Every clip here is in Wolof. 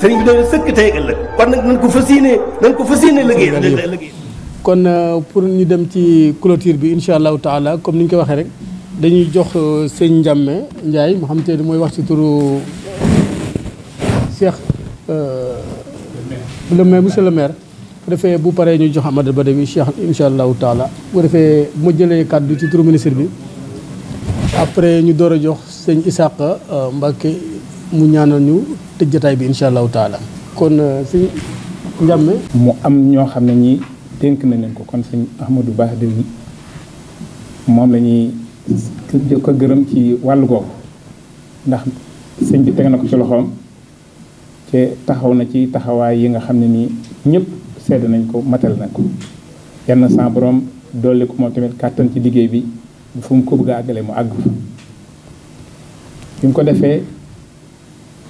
sëriñ bi doon sëkk tey ëllëg kon nag nañ ko fas yéenee ko fas yéenee kon euh, pour ñu dem ci clôture bi incha allahu taala comme ni ñu ko waxee rek dañuy jox euh, sëñ Ndiame Ndiaye mu xam te mooy wax ci turu Cheikh. Euh, le maire monsieur le maire. bu defee bu paree ñu jox Amadou Bada bi Cheikh incha allahu taala. bu defee mu jëlee kàddu ci turu ministre bi. après ñu door a jox sëñ Isaaqa Mbacke. mu ñaanal ñu tëj jotaay bi incha allahu taala kon euh, sëñ Njàmme mu am ñoo xam ne ñi dénk nañ leen ko kon sëñ Ahmadou Ba de moom la ñuy ko gërëm ci wàllu googu ndax sëñ bi teg na ko ci loxoom te taxaw na ci taxawaay yi nga xam ne nii ñëpp sedd nañ ko matal nañ ko yal na sa borom dolli ko moo tamit kàttan ci liggéey bi fu mu ko bëgg àggale mu àgg fa bi mu ko defee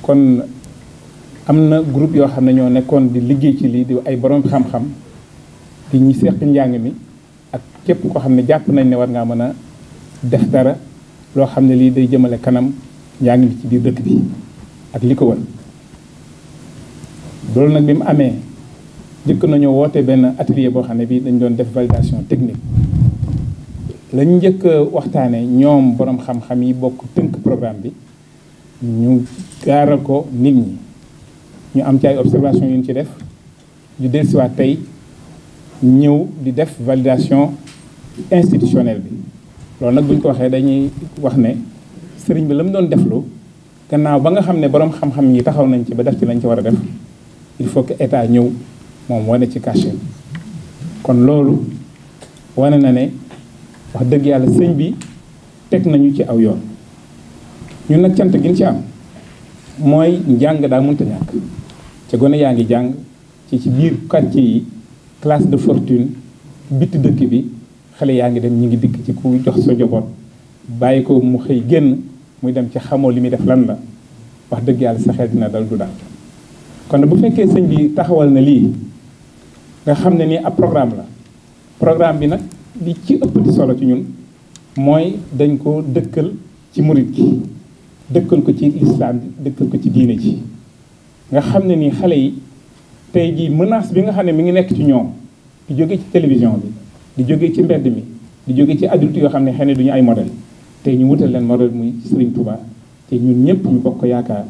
kon am na groupe yoo xam ne ñoo nekkoon di liggéey ci lii di ay boroom xam-xam di ñu seq njàng mi ak képp koo xam ne jàpp nañ ne war ngaa mën a def dara loo xam ne lii day jëmale kanam njàng mi ci biir dëkk bi ak li ko wër loolu nag bi mu amee njëkk nañoo woote benn atelier boo xam ne bii dañ doon def validation technique lañ njëkk waxtaanee ñoom borom xam-xam yi bokk tënk programme bi. ñu gaaral ko nit ñi ñu am ci ay observation yu ñu ci def ñu dellusiwaat tey ñëw di def validation institutionnelle bi loolu nag bu ñu ko waxee dañuy wax ne sëriñ bi la mu doon deflu gannaaw ba nga xam ne boroom xam-xam yi taxaw nañ ci ba def ci lañ ci war a def il faut que état ñëw moom wane ci cachet kon loolu wane na ne wax dëgg yàlla sëñ bi teg nañu ci aw yoon ñun nag cant gi ñu ci am mooy njàng daa mënta ñàkk ca gone yaa ngi jàng ci ci biir quartier yi classe de fortune bitti dëkk bi xale yaa ngi dem ñu ngi dikk ci ku jox sa njaboot bàyyi ko mu xëy génn muy dem ci xamoo li muy def lan la wax dëgg yàlla sa xel dina dal du daal kon bu fekkee sëñ bi taxawal na lii nga xam ne nii ab programme la programme bi nag li ci ëpp di solo ci ñun mooy dañ ko dëkkal ci murit gi dëkkal ko ci lislaam bi dëkkal ko ci diine ji nga xam ne nii xale yi tey jii menace bi nga xam ne mi ngi nekk ci ñoom di jóge ci télévision bi di jóge ci mbedd mi di jóge ci adulte yoo xam ne xëy na duñu ay model tey ñu wutal leen modèle muy Serigne Touba te ñun ñëpp ñu bokk ko yaakaar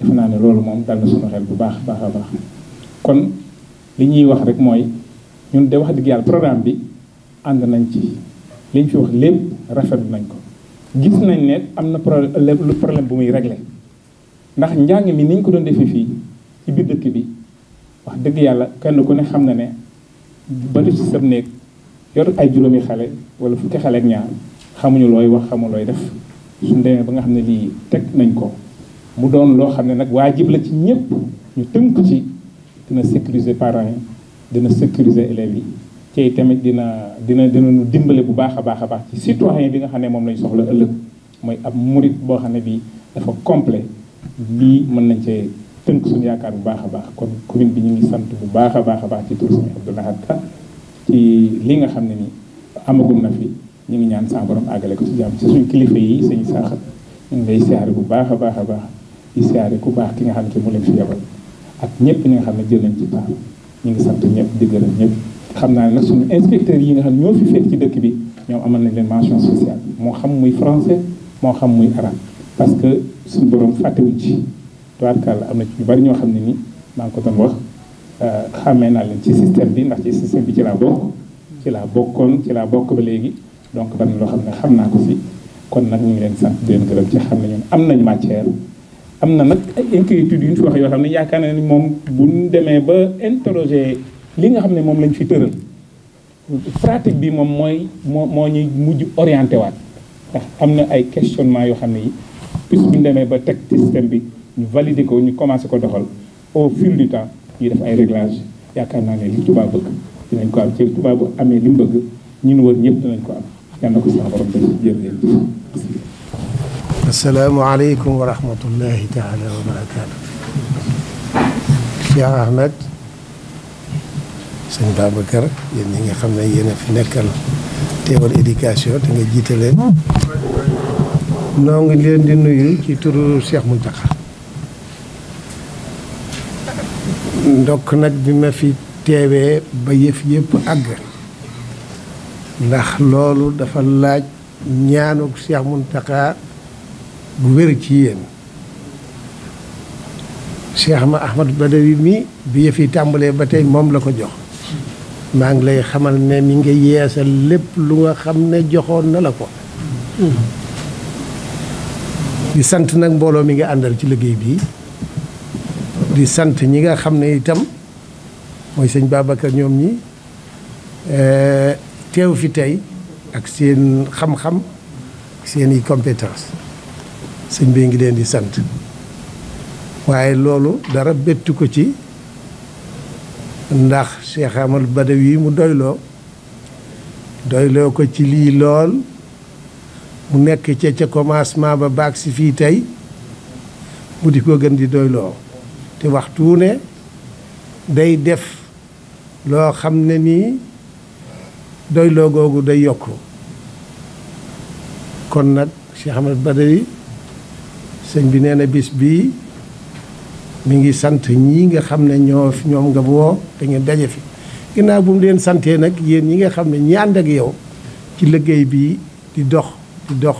defe naa ne loolu moom dal na suñu xel bu baax baax a baax kon li ñuy wax rek mooy ñun de wax dëgg yàlla programme bi ànd nañ ci liñ fi wax lépp rafetlu nañ ko gis nañ ne am na problème problème bu muy réglé ndax njàng mi ni ñu ko doon defee fii ci biir dëkk bi wax dëgg yàlla kenn ku ne xam na ne bari ci néeg yor ay juróomi xale wala fukki xale ak xamuñu looy wax xamu def suñ demee ba nga xam ne lii teg nañ ko mu doon loo xam ne nag waajib la ci ñëpp ñu tënk ci dina sécuriser parent yi dina sécuriser élèves yi te tamit dina dina dina ñu dimbale bu baax a baax a baax ci citoyen bi nga xam ne moom lañ soxla ëllëg mooy ab murit boo xam ne bii dafa complet bii mën nañ cee tënk yaakaar bu baax a baax kon commune bi ñu ngi sant bu baax a baax a baax ci tur Sëriñ Abdou Lahad Ka ci li nga xam ne nii amagum na fi ñu ngi ñaan sa borom àggale ko ci jàmm ci suñu kilifa yi sëñ saax ñu ngi lay siyaare bu baax a baax a baax di siyaare ku baax ki nga xam ne mu leen fi yabal ak ñëpp ñi nga xam ne jël nañ ci part ñu ngi sant ñëpp di gërëm ñëpp. xam naa ne nag suñu inspecteurs yi nga xam ñoo fi féet ci dëkk bi ñoom amal nañ leen mention spéciale moo xam muy français moo xam muy arabe parce que suñu borom fàttewuñ ci tubaarkàlla am na ci ñu bari ñoo xam ne nii maa ngi ko doon wax euh, xàmmee naa leen ci système bi ndax ci système bi ci laa bokk ci laa bokkoon ci laa bokk ba léegi donc ban loo xam ne xam naa ko fi kon nag ñu ngi leen sant di leen gërëm ci xam ne ñoom am nañ matière am na nag ay inquiétudes yu ñu fi wax yoo xam ne yaakaar na ni moom bu ñu demee ba interroger li nga xam ne moom lañ fi tëral pratique bi moom mooy moo moo ñuy mujj orienté waat ndax am na ay questionnement yoo xam ne yi puisque bu demee ba teg système bi ñu valider ko ñu commencé ko doxal au fil du temps ñu def ay réglage yaakaar naa ne li Touba dinañ ko am ci Touba amee li mu bëgg ñun wër ñëpp dinañ ko am yal na ko sax borom ba jërëjëf asalaamaaleykum wa rahmatullahi taala wa Ahmed sëñ Babacar yéen yi nga xam ne yéen a fi nekkal teewal éducation te nga jiite leen noo ngi leen di nuyu ci turu Cheikh Mountakha ndokk nag bi ma fi teewee ba yëf yëpp àgg ndax loolu dafa laaj ñaanuk Cheikh Mountakha bu wér ci yéen Cheikh ma Ahmad Badawi mi bi yëf tàmbalee ba tey moom la ko jox maa ngi lay xamal ne mi nga yeesal lépp lu nga xam ne joxoon na la ko di sant nag mbooloo mi nga àndal ci liggéey bii di sant ñi nga xam ne itam mooy sëñ Babacar ñoom ñi eh, teew fi tey ak seen xam-xam seen compétence sëñ bi ngi leen di sant waaye loolu dara bettu ko ci ndax Cheikh Amal Badawi mu doyloo doyloo ko ci lii lool mu nekk ca ca commencement ba baag si fii tey mu di ko gën di doyloo te waxtu ne day def loo xam ne nii doyloo googu day yokk kon nag Cheikh Amal Badawi sëñ bi nee na bis bii mi ngi sant ñii nga xam ne ñoo ñoom nga woo da daje fi ginnaaw bu mu leen santee nag yéen ñi nga xam ne ñi ak yow ci liggéey bi di dox di dox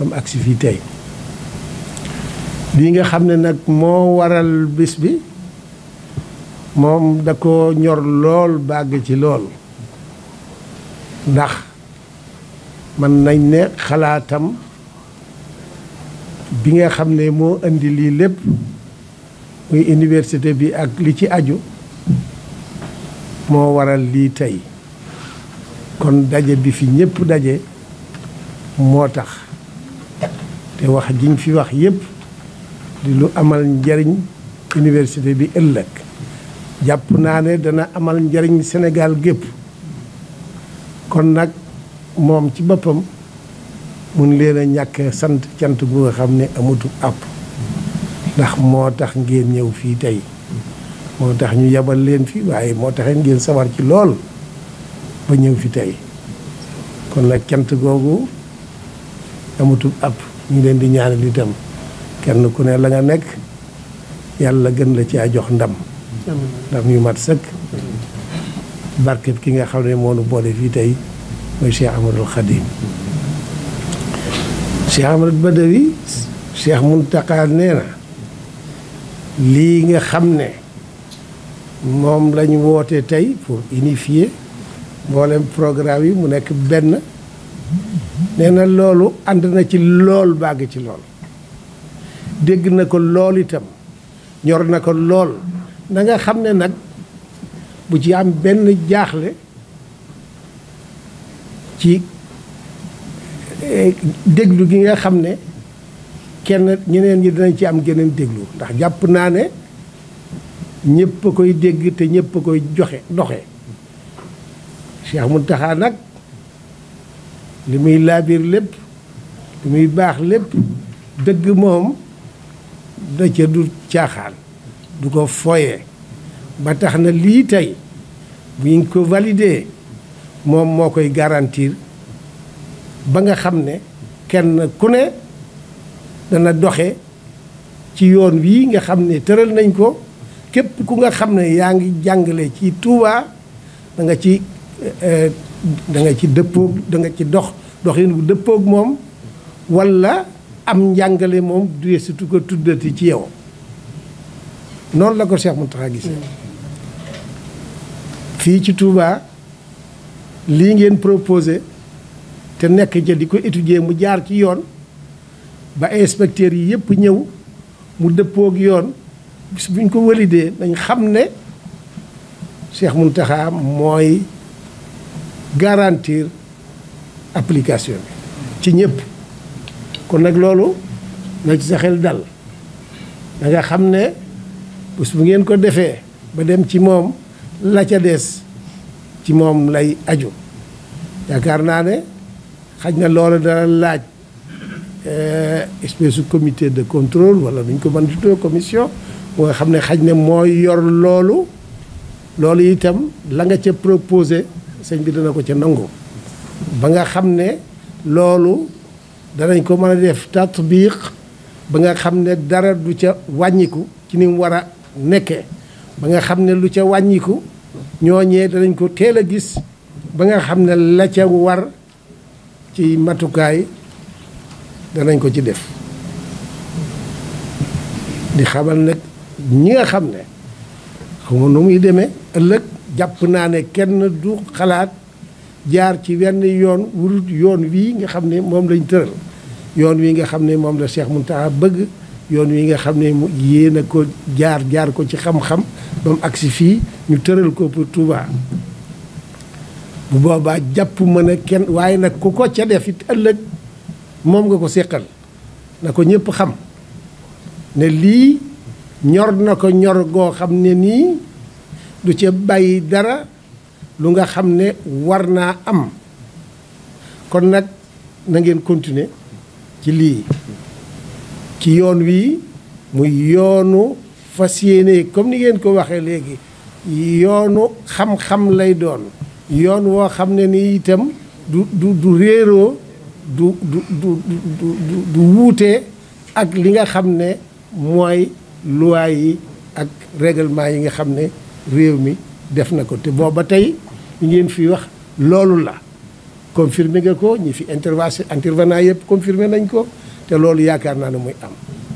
am agsi fii tey lii nga xam ne nag moo waral bis bi moom da ko ñor lool bàgg ci lool ndax mën nañ ne xalaatam bi nga xam ne moo indi lii lépp muy iniwersité bi ak li ci aju moo waral lii tey kon daje bi fi ñëpp daje moo tax te wax jiñ fi wax yëpp di lu amal njariñ université bi ëllëg jàpp naa ne dana amal njariñ senegal gépp kon nag moom ci boppam mun leen a ñàkk sant cant bu nga xam ne amatul àpp ndax moo tax ngeen ñëw fii tey moo tax ñu yabal leen fi waaye moo taxee ngeen sawar ci lool ba ñëw fi tey kon nag cant googu amatul ab ñu leen di ñaanal itam kenn ku ne la nga nekk yàlla gën la caa jox ndam ndam yu mat sëkk barkeb ki nga xam ne moo nu boole fii tey mooy Cheikh Ahmadul Khadim Cheikh Ahmadul Badawi Cheikh Muntaqa nee na lii nga xam ne moom lañu woote tey pour unifier mboolem programme yi mu nekk benn nee na loolu ànd na ci lool bàgg ci lool dégg na ko lool itam ñor na ko lool na nga xam ne nag bu ci am benn jaaxle ci eh, déglu gi nga xam ne kenn ñeneen ñi dinañ ci am geneen déglu ndax jàpp naa ne ñépp a koy dégg te ñëpp a koy joxe doxe Cheikh taxaa nag li muy laabir lépp li muy baax lépp dëgg moom da ca du caaxaan du ko foye ba tax na lii tey bu ñu ko validé moom moo koy garantir ba nga xam ne kenn ku ne dana doxe ci yoon wii nga xam ne tëral nañ ko képp ku nga xam ne yaa ngi jàngale ci Touba danga ci eh, danga ci dëppoog danga ci dox doxin bu dëppoog moom walla am njàngale moom du surtout ko tuddati ci yow noonu la ko Cheikh Mountakha gisee fii ci Touba lii ngeen proposé te nekk ca di ko étudier mu jaar ci yoon ba inspecteurs yi yëpp ñëw mu dëppook yoon bis buñ ko walidee dañ xam ne Cheikh taxaam mooy garantir application bi ci ñëpp kon nag loolu na ci sa xel dal da nga xam ne bés bu ngeen ko defee ba dem ci moom la ca des ci moom lay aju yaakaar naa ne xaj nga loolu dana laaj Euh, espèce de comité de contrôle wala nu ko mën di tuddee commission bu nga xam ne xaj ne mooy yor loolu loolu itam la nga ca proposé sëñ bi dana ko ca nangu ba nga xam ne loolu danañ ko mën a def biix ba nga xam ne dara du ca wàññiku ci ni mu war a nekkee ba nga xam ne lu ca wàññiku ñooñee danañ ko teel a gis ba nga xam ne la ca war ci matukaay danañ ko ci def di xamal nag ñi nga xam ne xaw nu muy demee ëllëg jàpp naa ne kenn du xalaat jaar ci wenn yoon wurut yoon wii nga xam ne moom lañ tëral yoon wi nga xam ne moom la Cheikh Mountakha bëgg yoon wi nga xam ne yéen a ko jaar jaar ko ci xam-xam ba mu agsi fii ñu tëral ko pour Touba bu boobaa jàpp mën a kenn waaye nag ku ko ca def it ëllëg moom nga ko séqal na ko ñëpp xam ne lii ñor na ko ñor goo xam ne nii du ca bàyyi dara lu nga xam ne war naa am kon nag na ngeen continuer ci lii ci yoon wii muy yoonu fas yéene comme ni ngeen ko waxee léegi yoonu xam-xam lay doon yoon woo xam ne nii itam du du du réeroo du du du du du wuute ak li nga xam ne mooy loi yi ak règlement yi nga xam ne réew mi def na ko te booba tey ñu ngeen fi wax loolu la confirmé nga ko ñi fi intervention intervenant yëpp confirmé nañ ko te loolu yaakaar naa ne muy am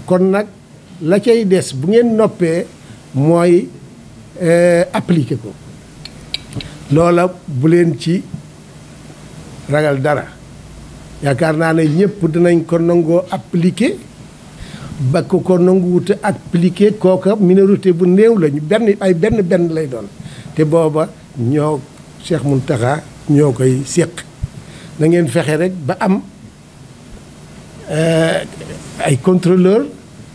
kon nag la cay des bu ngeen noppee mooy euh, appliqué ko loola bu leen ci ragal dara yaakaar naa ne ñëpp dinañ ko nangoo appliquer ba ku ko nanguwute appliquer kooka minorité bu néew lañu benn ay benn benn lay doon te booba ñoo Cheikh Mountakha ñoo koy séq na ngeen fexe rek ba am euh, ay contrôleur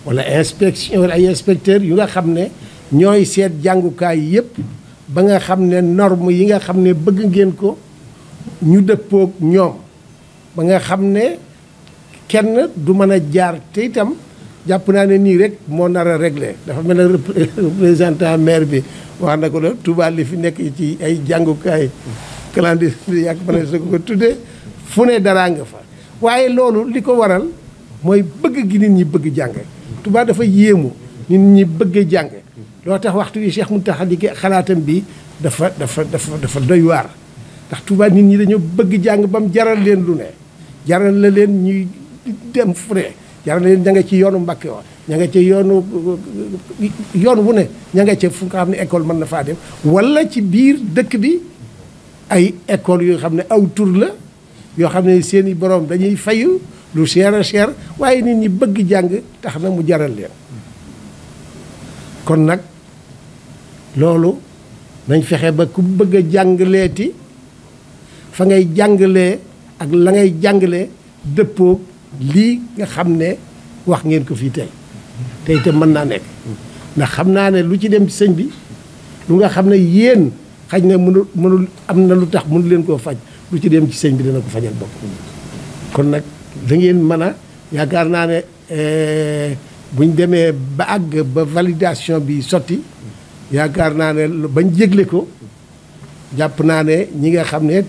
wala inspection ay inspecteur yu nga xam ne ñooy seet jàngukaay yépp ba nga xam ne norme yi nga xam ne bëgg ngeen ko ñu dëppook ñoom ba nga xam ne kenn du mën a jaar te itam jàpp naa ne nii rek moo nar a réglé dafa mel ne représentant maire bi wax na ko la tubaal li fi nekk ci ay jàngukaay clandestin yàgg mën a ko tuddee fu ne daraa nga fa waaye loolu li ko waral mooy bëgg gi nit ñi bëgg jàng Touba dafa yéemu nit ñi bëgg jàng loo tax waxtu wi Cheikh Mountakha li xalaatam bi dafa dafa dafa dafa doy waar ndax Touba nit ñi dañoo bëgg jàng ba mu jaral leen lu ne jaral la leen ñuy dem fu ne jaral leen ña ci yoonu Mbàkke wa ña nga ci yoonu yoon wu ne ña nga ca fu nga xam ne école mën na faa dem wala ci biir dëkk bi ay école yoo xam ne aw tur la yoo xam ne seeni borom dañuy fayu lu cher a cher waaye nit ñi bëgg jàng tax na mu jaral leen kon nag loolu nañ fexe ba ku bëgg a jàngaleeti fa ngay jàngalee ak la ngay jàngale dëppoo lii nga xam ne wax ngeen ko fii tey tey te mën naa nekk ndax xam naa ne lu ci dem sëñ bi lu nga xam ne yéen xaj na mënul mënul am na lu tax mënu leen koo faj lu ci dem ci sëñ bi dana ko fajal bopp kon nag da ngeen mën a yaakaar naa ne eh, buñ demee ba àgg ba validation bi sotti yaakaar naa ne bañ jégle ko jàpp naa ne ñi nga xam ne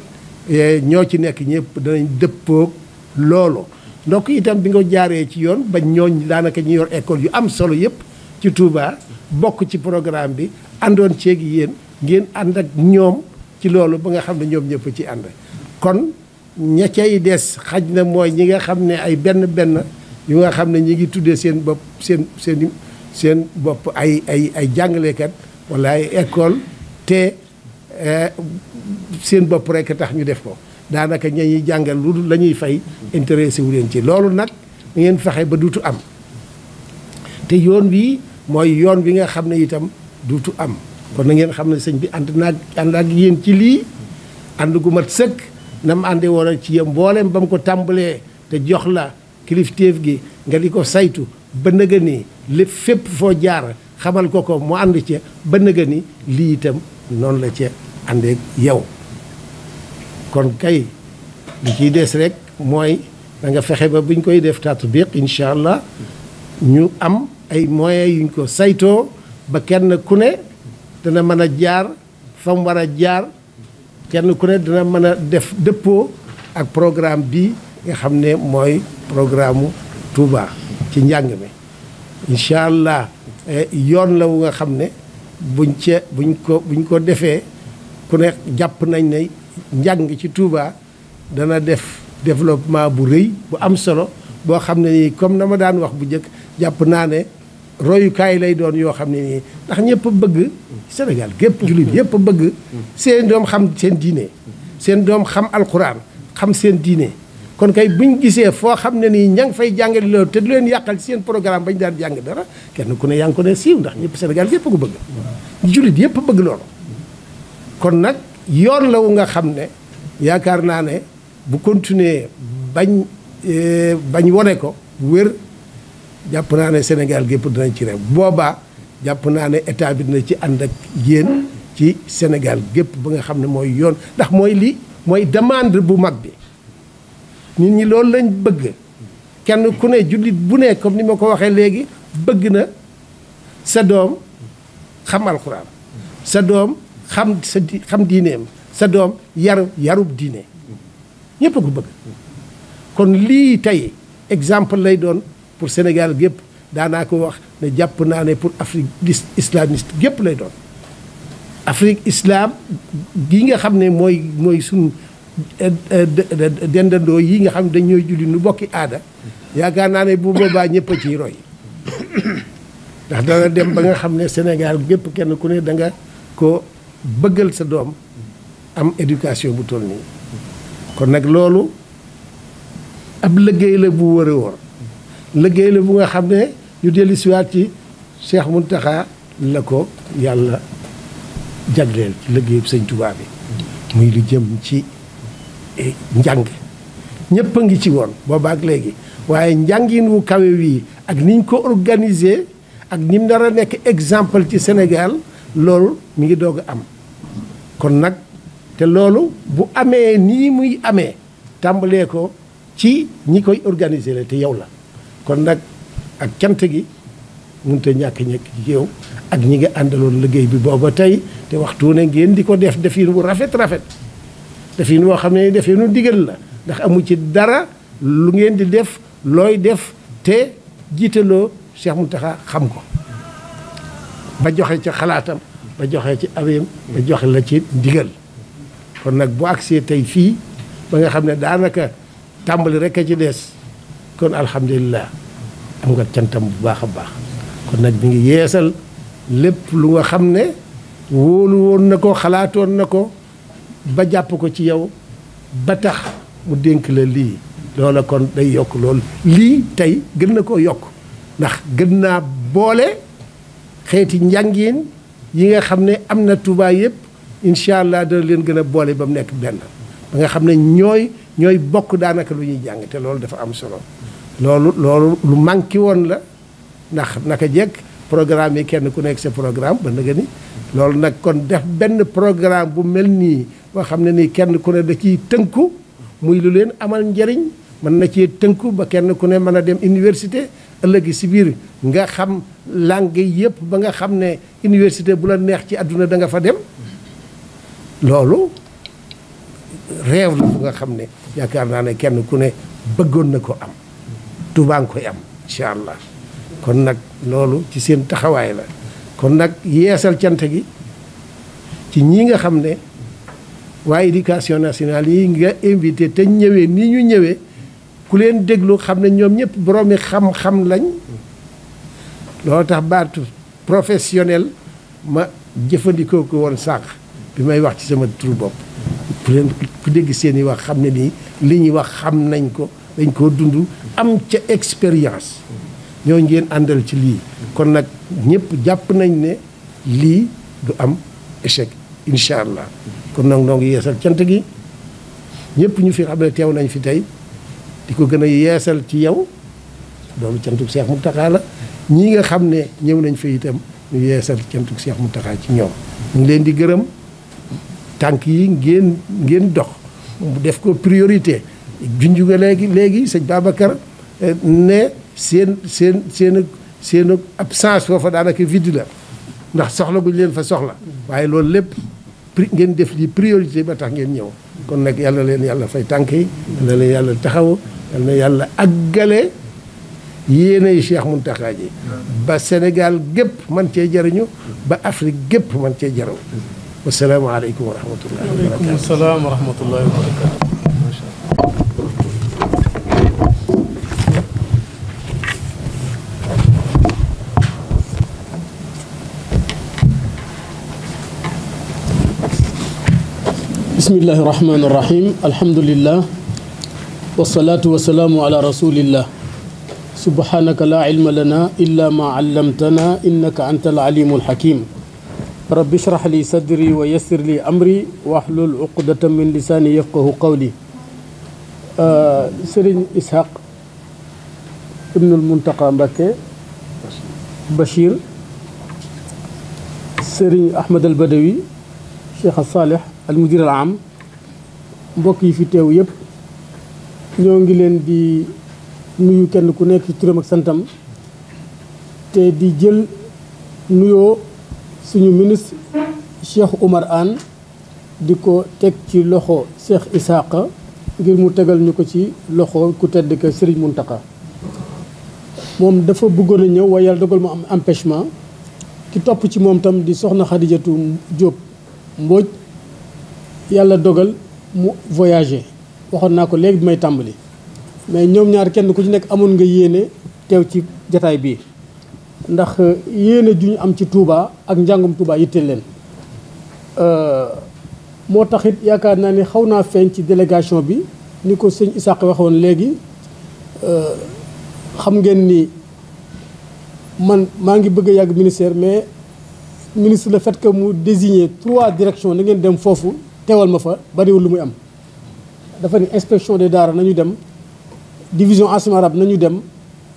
ñoo ci nekk ñëpp danañ dëppoog loolu donc itam bi nga jaaree ci yoon ba ñooñ daanaka ñu yor école yu am solo yëpp ci Touba bokk ci programme bi àndoon ceeg yéen ngeen ànd ak ñoom ci loolu ba nga xam ne ñoom ñëpp ci ànd kon ña cay des xaj na mooy ñi nga xam ne ay benn benn yu nga xam ne ñi ngi tuddee seen bopp seen seen seen bopp ay ay ay jàngalekat wala ay école te Eh, seen bopp rek tax ñu def ko daanaka ña ñuy jàngal lu la ñuy fay intéressé wu leen ci loolu nag ngeen fexe ba duutu am te yoon wi mooy yoon wi nga xam ne itam duutu am kon na ngeen xam ne sëñ bi ànd naag ànd ak yéen ci lii ànd gu mat sëkk na mu àndee woon ci yéen mbooleem ba mu ko tàmbalee te jox la kilifteef gi nga di ko saytu bënn nëga lépp fépp foo jaar xamal ko ko mu ànd ca ba nëga lii itam noonu la ca àndeeg yow kon kay li ciy des rek mooy danga fexe ba buñ koy def tatbiq incha allah ñu am ay moyens yuñ ko saytoo ba kenn ku ne dana mën a jaar fam mu war a jaar kenn ku ne dana mën a def dëppoo ak programme bi nga xam ne mooy programme Touba ci njàng mi incha allah eh, yoon la wu nga xam ne buñ ce buñ ko buñ ko defee ku ne jàpp nañ ne njàng ci Touba dana def développement bu rëy bu am solo boo xam ne nii comme na ma daan wax bu njëkk jàpp naa ne royukaay lay doon yoo xam ne nii ndax ñëpp bëgg Sénégal gépp jullit yëpp bëgg seen doom xam seen diine seen doom xam alquran xam seen diine kon kay buñ gisee foo xam ne nii ña ngi fay jàngale te leen yàqal seen programme bañ daan jàng dara kenn ku ne yaa ne siiw ndax ñëpp Sénégal yëpp ko bëgg jullit yëpp bëgg loolu kon nag yoon la wu nga xam ne yaakaar naa ne bu continuer bañ eh, bañ wone ko wér jàpp naa ne Sénégal gépp dinañ ci réew boobaa jàpp naa ne état bi dina ci ànd ak yéen ci Sénégal gépp ba nga xam ne mooy yoon ndax mooy lii mooy demande bu mag bi nit ñi loolu lañ bëgg kenn ku ne jullit bu ne comme ni ma ko waxee léegi bëgg na sa doom xam alxuraan sa doom xam sa di xam diineem sa doom yaru yarub diine ñëpp a ko bëgg kon lii tey exemple lay doon pour Sénégal gépp daanaa ko wax ne jàpp naa ne pour Afrique islamiste gépp lay doon Afrique islam gi nga xam ne mooy mooy suñu eh, eh, dendandoo yi nga xam ne dañooy julli nu bokki aada yaakaar naa ne bu boobaa ñëpp a ciy roy ndax dana dem ba nga xam ne Sénégal gépp kenn ku ne da ko bëggal sa doom am éducation bu toll nii kon nag loolu ab liggéey la bu wër a wër la bu nga xam ne ñu dellu siwaat ci mun Mountakha la ko yàlla jagleel ci liggéey sëñ Tuubaa bi muy lu jëm ci e, njàng ñëpp a ngi ci woon boobaak léegi waaye njàngin wu kawe wii ak niñ ko organiser ak nim nar a nekk exemple ci Sénégal loolu mu ngi doog a am kon nag te loolu bu amee nii muy amee tàmbalee ko ci ñi koy organiser la te yow la kon nag ak cant gi mënut a ñàkk ñekk yow ak ñi nga àndaloon liggéey bi booba tey te waxtu ne ngeen di ko def defin wu rafet rafet defin woo xam ne definu digal la ndax amu ci dara lu ngeen di def looy def te jiitaloo Cheikh Mountakha xam ko ba joxe ci xalaatam ba joxe ci aweem ba joxe la ci ndigal kon nag bu agsee tey fii ba nga xam ne daanaka tàmbali rek a ci des kon alhamdulilah am nga cantam bu baax a baax kon nag mi ngi yeesal lépp lu nga xam ne wóolu woon na ko xalaatoon na ko ba jàpp ko ci yow ba tax mu dénk la lii loola kon day yokk loolu lii tey gën na koo yokk ndax gën naa boole xeeti njàngin yi nga xam ne am na Touba yëpp incha allah dana leen gën a boole ba mu nekk benn ba nga xam ne ñooy ñooy bokk daanaka lu ñuy jàng te loolu dafa am solo loolu loolu lu manqué woon la ndax naka jekk programme yi kenn ku nekk sa programme ba nga ni loolu nag kon def benn programme bu mel nii boo xam ne nii kenn ku ne da tënku muy lu leen amal njariñ mën na cee tënku ba kenn ku ne mën a dem université ëllëgi si biir nga xam langue yëpp ba nga xam ne université bu la neex ci àdduna da nga fa dem loolu réew la bu nga xam ne yaakaar naa ne kenn ku ne bëggoon na ko am tubaa koy am incha allah kon nag loolu ci seen taxawaay la kon nag yeesal cant gi ci ñi nga xam ne waaye éducation nationale yi nga invité te ñëwee nii ñu ñëwee ku leen déglu xam ne ñoom ñëpp boroomi xam-xam lañ loolu tax baatu professionnel ma jëfandikoo ko woon sànq bi may wax ci sama turu bopp ku leen ku dégg seeni wax xam ne nii li ñuy wax xam nañ ko dañ koo dund am ca expérience ñoo ngeen àndal ci lii kon nag ñëpp jàpp nañ ne lii du am échec incha allah kon nag noo ngi yeesal cant gi ñëpp ñu fi xam ne teew nañ fi tey di ko gën a yeesal ci yow loolu cantuk mu taxaa la ñii nga xam ne ñëw nañ fa itam ñu yeesal cantuk mu Mountakha ci ñoom ñu ngi leen di gërëm tànk yi ngeen ngeen dox def ko priorité junj nga léegi léegi sëñ Babacar eh, ne seen seen seen seen absence foofa daanaka vide la ndax soxla guñ leen fa soxla waaye loolu lépp ngeen def li priorité ba tax ngeen ñëw kon nag yàlla leen yàlla fay tànk yi yàlla leen yàlla taxaw yal na yàlla àggale yéenay Cheikh Mountakha ji ba Sénégal gépp man cee jariñu ba Afrique gépp man cee jaraw wasalaamaaleykum wa rahmatullahi wa barakatuh waaleykum salaam wa rahmatullahi wa barakatuh bismillahi rahmaani rahim alhamdulillah wasalaatu wasalaamu ala rasulillah subhanaka laa ilma lana illa ma allamtana innaka anta alalimu alxakim rabbi shrah li sadri wa yassir li amri wahlul uqdatan min lisaani yafqahu qawli sëriñ ishaq ibnul muntaqa mbakke bachir sëriñ ahmad al badawi cheikh al saalih al mudir al am mbokk yi fi teew yëpp ñoo ngi leen di nuyu kenn ku nekk ci turam ak santam te di jël nuyoo suñu ministre Cheikh Oumar Anne di ko teg ci loxo Cheikh Isaaqa ngir mu tegal ñu ko ci loxo ku tedd ka Serigne Mountakha moom dafa bëggoon ñëw waaye yàlla dogal mu am empêchement ki topp ci moom tam di soxna Xadijatu Jóob Mbóoj yàlla dogal mu voyager waxoon naa ko léegi bi may tàmbali mais ñoom ñaar kenn ku ci nekk amoon nga yéene teew ci jataay bii ndax euh, yéene ju ñu am ci Touba ak njàngum Touba yitteel leen euh, moo taxit yaakaar naa ni xaw naa feeñ ci délégation bi ni ko sëñ Isaac waxoon léegi euh, xam ngeen ni man maa ngi bëgg a yàgg ministère mais ministre le fait que mu désigner trois directions da ngeen dem foofu teewal ma fa bariwul lu muy am dafa ni inspection des daara nañu dem division enseignement arabe nañu dem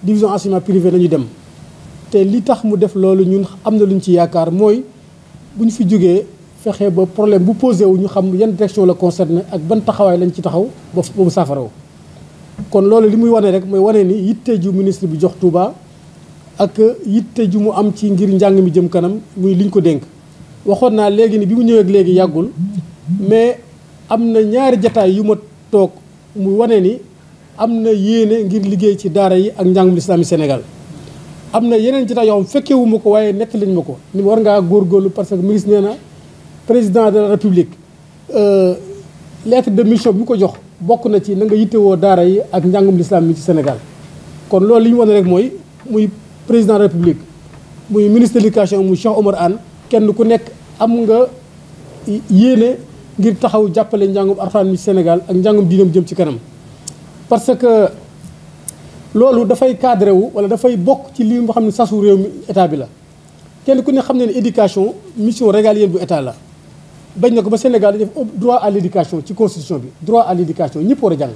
division enseignement privé nañu dem te li tax mu def loolu ñun am na lu ñu ci yaakaar mooy bu ñu fi jógee fexe ba problème bu posé wu ñu xam yan direction la concerné ak ban taxawaay lañ ci taxaw ba ba mu saafaraw kon loolu li muy wane rek mooy wane ni yitte ju ministre bi jox Touba ak yitte ju mu am ci ngir njàng mi jëm kanam muy liñ ko dénk waxoon naa léegi ni bi mu ñëwee ak léegi yàggul mais am na ñaari jataay yu ma toog mu wane ni am na yéene ngir liggéey ci daara yi ak njàngum lislaam yi Sénégal am na yeneen ci tax yoo xam ma ko waaye nekk lañ ma ko ni war ngaa góorgóorlu parce que ministre nee na président de la république euh, lettre de mission bi mu ko jox bokk na ci na nga yittewoo daara yi ak njàngum lislaam yi ci Sénégal kon loolu li ñu wane rek mooy muy président de la république muy ministre de mu muy Cheikh Omar Anne kenn ku nekk am nga yéene ngir taxaw jàppale njàngum arxuraan mi Sénégal ak njàngum diinam jëm ci kanam parce que loolu dafay cadré wu wala dafay bokk ci li nga xam ne sasu réew mi état bi la kenn ku ne xam ne ne éducation mission régalienne bu état la bañ na ko ba Sénégal def droit à l' ci constitution bi droit à l' ñëpp war a jàng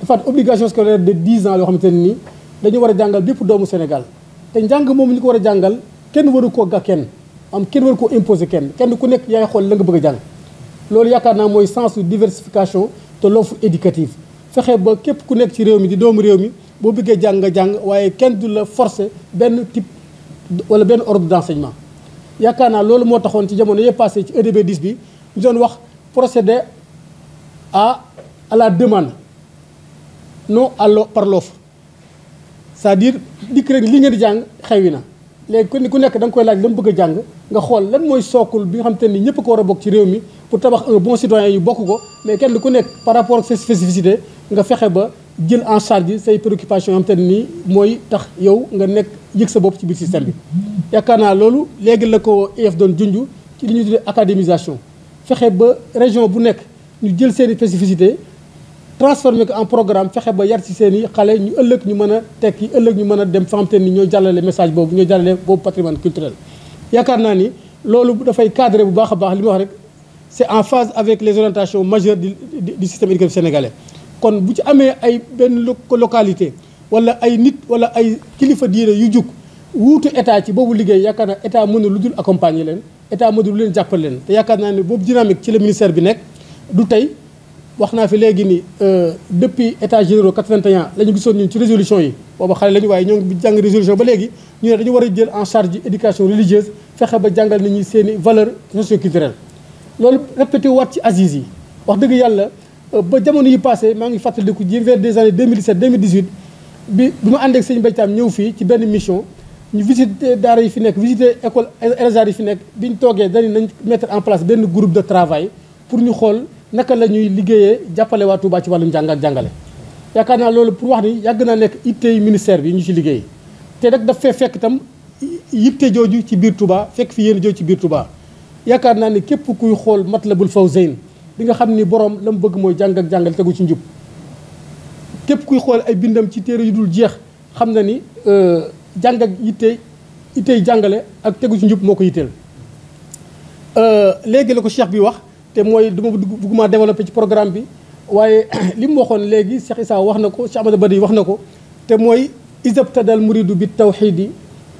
dafa am obligation scolaire de ans yoo xamante ne nii dañu war a jàngal bépp doomu Sénégal te njàng moom ñu ko war a jàngal kenn waru koo ga kenn am kenn waru ko imposer kenn kenn ku nekk yaay xool la nga bëgg jàng loolu yaakaar naa mooy sensu diversification te l'offre éducative fexe ba képp ku nekk ci réew mi di doomu réew mi boo bëggee jàng nga jàng waaye kenn du la forcer benn type wala benn ordre d'enseignement yaakaar naa loolu moo taxoon ci jamono yëpp passé ci EDB 10 bi ñu doon wax procéder à à la demande non à par l'offre cest dire dikk rek li ngeen di jàng xewi na léegi ku ku nekk danga koy laaj la mu bëgg a jàng nga xool lan mooy sookul bi nga xam te ni ñëpp ko war a bokk ci réew mi pour tabax un bon citoyen yu bokk ko mais kenn ku nekk par rapport ak sa spécificité nga fexe ba jël en charge say préoccupation yoo xam te ni mooy tax yow nga nekk yëg sa bopp ci biir système bi yaakaar naa loolu léegi la ko IEF doon junj ci li ñuy tuddee académisation fexe ba région bu nekk ñu jël seen i spécificité transformé ko en programme fexe ba yar ci seen i xale ñu ëllëg ñu mën a tekki ëllëg ñu mën a dem famte ni ñoo jàllale message boobu ñoo jàllale boobu patrimoine culturel yaakaar naa ni loolu dafay cadré bu baax a baax li ma wax rek c'est en phase avec les orientations majeures di du système éducatif sénégalais kon bu ci amee ay benn localité wala ay nit wala ay kilifa diine yu jug wuutu état ci boobu liggéey yaakaar naa état mën na lu dul accompagner leen état mën leen jàppal leen te naa ne boobu dynamique ci la ministère bi nekk du tey wax naa fi léegi ni euh, depuis états généraux 81 la lañu gisoon ñun ci résolution yi booba xale la waaye ñoo jàng résolution ba léegi ñu ne dañu war a jël en charge éducation religieuse fexe ba jàngal nit ñi seen i valeur loolu répété waat ci Aziz yi wax dëgg yàlla euh, ba jamono yi passé maa ngi fàttaliku ji vers des années 2017 2018 bi bi ma ànd ak sëñ ñëw fii ci benn mission ñu visité daara yi fi nekk visité école El Azhar fi nekk bi ñu toogee dañu nañ mettre en place benn groupe de travail pour ñu xool naka la ñuy liggéeyee jàppale waa Touba ci wàllum jàng ak jàngale yaakaar naa loolu pour wax ni yàgg naa nekk ittey ministère bi ñu ci liggéey te nag daf fee fekk itam yitte jooju ci biir tubaa fekk fi yéen jooju ci biir Touba yaakaar naa ni képp kuy xool mat la Matlabul Fawzayn di nga xam ni borom la mu bëgg mooy jàng ak jàngale tegu ci njub képp kuy xool ay bindam ci téere yu dul jeex xam na ni euh, jàng ak yitte yittey jàngale ak tegu ci njub moo ko yitteel euh, léegi la ko cheikh bi wax te mooy du ma bugguma développé ci programme bi waaye li mu waxoon léegi Cheikh Issa wax na ko Cheikh Amadou Badi wax na ko te mooy isabtadal muridu bi tawxidi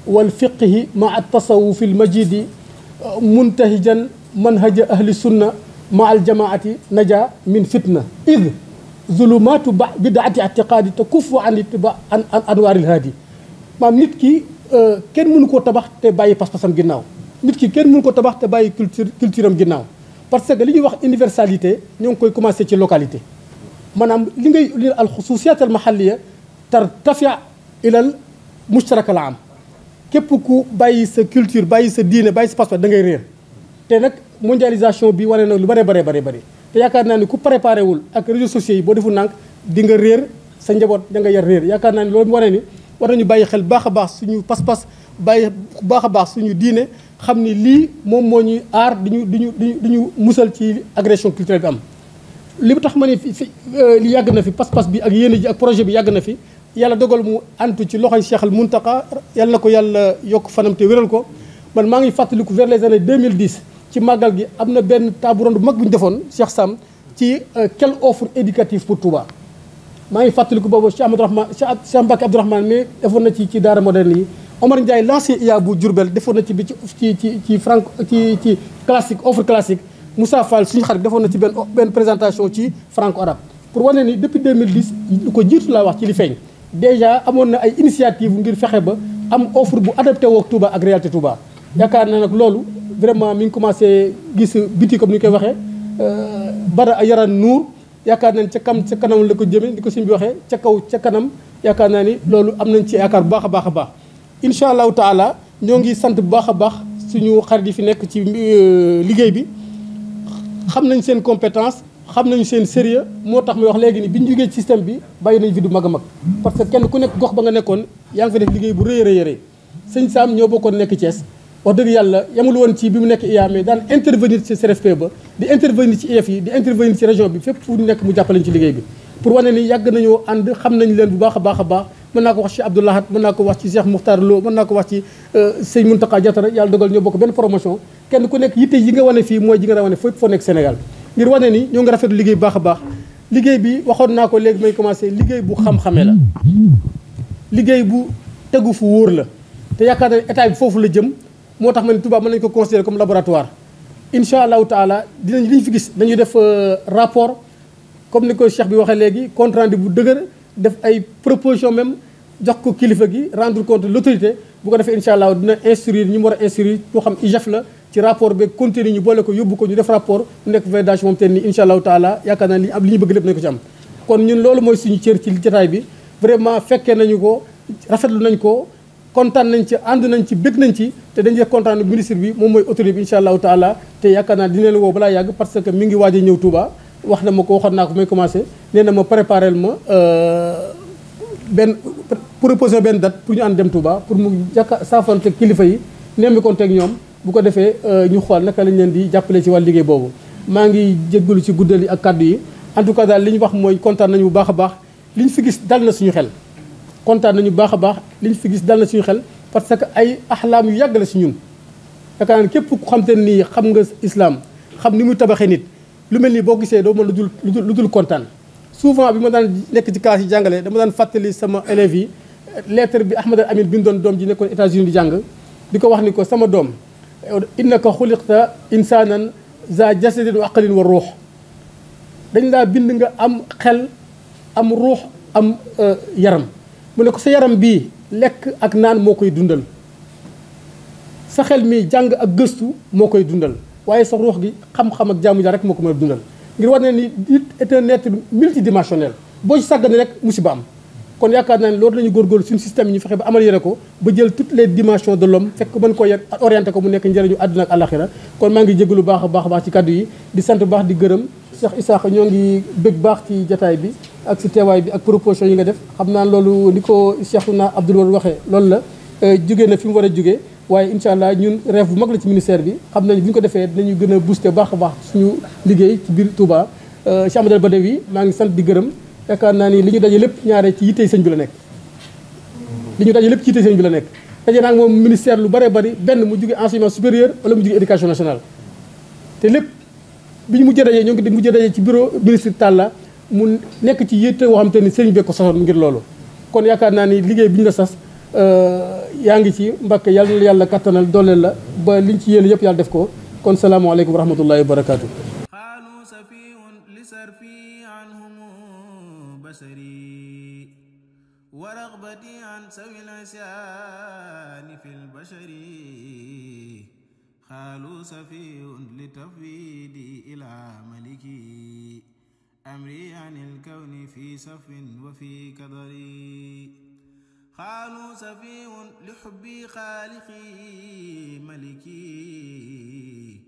wal fiqhi ma at tasawufi l majidi muntahijan manhaja ahli sunna ma al jamaati naja min fitna id zulumatu ba bi bidaati atiqaadi te kufu an ittiba an anwaaril haadi maam nit ki euh, kenn mënu koo tabax te bàyyi pas-pasam ginnaaw nit ki kenn mënu ko tabax te bàyyi culture culture am ginnaaw parce que li ñuy wax universalité ñoo ngi koy commencé ci localité maanaam li ngay li al xususiyat al tar tartafia ilal mushtarak al am képp ku bàyyi sa culture bàyyi sa diine bàyyi sa passeport da ngay réer te nag mondialisation bi wane na lu bare bare bare bare te yaakaar naa ni ku préparé wul ak réseaux sociaux yi boo defu nànk di nga réer sa njaboot da nga yar réer yaakaar naa ni loolu wane ni war nañu bàyyi xel baax a baax suñu pas-pas bàyyi baax a baax suñu diine xam ni lii moom moo ñuy aar di ñu di ñu di ñu musal ci agression culturelle bi am. li tax ma ne fi euh, li yàgg na fi pas-pas bi ak yéene ji ak projet bi yàgg na fi yàlla dogal mu antu ci loxoy Cheikh al Muntaka yàlla na ko yàlla yokk fanam te wéral ko man maa ngi fàttaliku vers les mille 2010 ci màggal gi am na benn table ronde bu mag bu ñu defoon Cheikh Sam ci euh, quelle offre éducative pour Touba. maa ngi fàttaliku boobu Cheikh Ahmadou Rahman Cheikh Cheikh Mbacke Abdourahmane mais defoon na ci ci daara moderne Omar Ndiaye l'ancien IA bu Diourbel defoon na ci bi ci ci ci ci franc ci ci classique offre classique Moussa Fall suñu xarit defoon na ci benn o benn présentation ci franco arabe pour wane ni depuis 2010 lu ko jiitu laa wax ci li feeñ déjà amoon na ay initiative ngir fexe ba am offre bu adapté woo Touba ak réalité Touba yaakaar na nag loolu vraiment mi ngi commencé gis biti comme ni koy waxee euh, bara yaran nuur yaakaar nañ ca kam ca kanam la ko jëme ni ko suñ bi waxee ca kaw ca kanam yaakaar naa ni loolu am nañ ci yaakaar bu baax a baax incha allahu taala ñoo ngi sant bu baax a baax suñu xarit yi fi nekk ci euh, liggéey bi xam nañ seen compétence xam nañu seen sérieux moo tax may wax léegi ni bi ñu jógee ci système bi bàyyi nañ fi du mag a mag parce que kenn ku nekk gox ba nga nekkoon yaa ngi fa def liggéey bu rëy rëy rëy sëñ Saam ñoo bokkoon nekk Thiès wax dëgg yàlla yamul woon ci bi mu nekk IAM daan intervenir ci CRFP ba di intervenir ci IEF yi di intervenir ci région bi fépp fu ñu nekk mu jàppaleñ ci liggéey bi pour wane ni yàgg nañoo ànd xam nañ leen bu baax a baax a baax mën naa ko wax ci Abdou Lahad mën naa ko wax ci Cheikh Moukhtar Lo mën naa ko wax ci euh, sëñ Mountakha Diatara yàlla dogal ñoo bokk benn promotion kenn ku nekk yitte yi nga wane fii mooy ji nga wane fépp foo nekk Sénégal ni ñoo ngi rafetlu liggéey baax liggéey bi waxoon naa ko léegi may commencé liggéey bu xam-xamee la bu tegu fu wóor la te yaakaar na état bi foofu la jëm moo tax ma ne Touba mën ko considérer comme laboratoire incha allahu taala dinañ li ñu fi gis dañuy def euh, rapport comme ni ko cheikh bi waxee léegi compte bu dëgër def ay proposion même jox ko kilifa gi rendre compte l'autorité bu ko defee incha allah dina instruire ñu mu war a instruire moo xam IGF la ci rapport beeg contenu ñu boole ko yóbbu ko ñu def rapport mu nekk validation moom teen ni incha allahu taala yaakaar naa li am li ñu bëgg lépp nañ ko ci am kon ñun loolu mooy suñu cër ci jotaay bi vraiment fekkee nañu ko rafetlu nañ ko kontaan nañ ci ànd nañ ci bëgg nañ ci te dañuy kontaan ministre bi moom mooy autorité bi incha allahu taala te yaakaar naa dina leen woo balaa yàgg parce que mi ngi waaj a ñëw wax na ma ko waxoon naa ko may commencé nee na ma préparé ma euh, benn proposé benn date pour ñu ànd dem Touba pour mu jàkka saafante kilifa yi nemmikonteeg ñoom bu ko defee euh, ñu xool naka lañ leen di jàppale ci wàllu liggéey boobu. maa ngi jéggalu ci guddal yi ak kàddu yi en tout cas daal li ñu wax mooy kontaan nañu bu baax a baax liñ ñu fi gis dal na suñu xel. kontaan nañu bu baax a baax li fi gis dal na suñu xel parce que ay axlaam yu yàggale la si ñun yaakaar naa képp ku xam te nii xam nga islam xam ni muy tabaxee nit. lu mel nii boo gisee doo mën lu dul lu dul kontaan souvent bi ma daan nekk ci classe yi jàngale dama daan fàttali sama élèves yi euh, lettre bi Ahmad Amin bi doon doom ji nekkoon États-Unis di jàng di ko wax ni ko sama doom innaka xuliqta insanan za di wa aqalin wa ruux dañ laa bind nga am xel am ruux am euh, yaram mu ne ko sa yaram bii lekk ak naan moo koy dundal sa xel mi jàng ak gëstu moo koy dundal waaye sox ruux gi xam-xam ak jaamu yàlla rek moo ko mën a dundal ngir war ne ni nit est un être boo boo ci sàggane rek musiba am kon yaakaar naa ne loolu la ñu góorgóorlu suñu système yi ñu fexe ba amal yére ko ba jël toutes les dimensions de l'homme fekk mën ko yar orienté ko mu nekk njariñu àdduna ak àlaxira kon maa ngi jégalu baax baax a baax ci kaddu yi di sant baax di gërëm Cheikh Isaaxa ñoo ngi bëgg baax ci jataay bi ak si teewaay bi ak proposition yi nga def xam naa loolu ni ko Cheikhouna Abdoul Wahab waxee loolu la euh, jóge fi mu war a jóge waaye incha allah ñun rêve bu mag la ci ministère bi xam nañ bu ñu ko defee dinañu gën a booster baax a baax suñu liggéey ci biir Touba. Euh, Cheikh Amadou Badawi maa ngi sant di gërëm yaakaar naa ni li ñu daje lépp ñaaree ci yittey sëñ bi la nekk. li ñu daje lépp ci yittey bi la nekk daje naa moom ministère lu bëree bari benn mu jóge enseignement supérieur wala mu jóge éducation nationale. te lépp bi ñu mujjee daje ñoo ngi di mujjee daje ci bureau ministre Talla mu nekk ci yitte woo xam te sëñ bi ko sosoon ngir loolu kon yaakaar naa ni liggéey bi ñu la sas Euh, yaa ngi ci mbàkk yàlla na yàlla kattanal dooleel la ba liñ ci yéen yëpp yàlla def ko kon salaamaaleykum wa rahmatullahi wa barakaatu. ورغبتي عن سوي العصيان في البشر خالوا سفي لتفويدي إلى ملكي أمري عن الكون في سف وفي كدري قالوا سفيه لحبي خالقي ملكي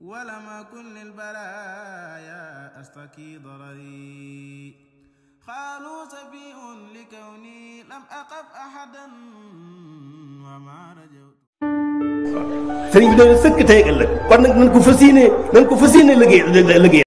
ولم أكن للبرايا أستكي ضرري قالوا سفيه لكوني لم أقف أحدا وما رجوت sëriñ bi de sëkk tey ëllëg war nañ ko fas yéene nañ ko fas yéene liggéey liggéey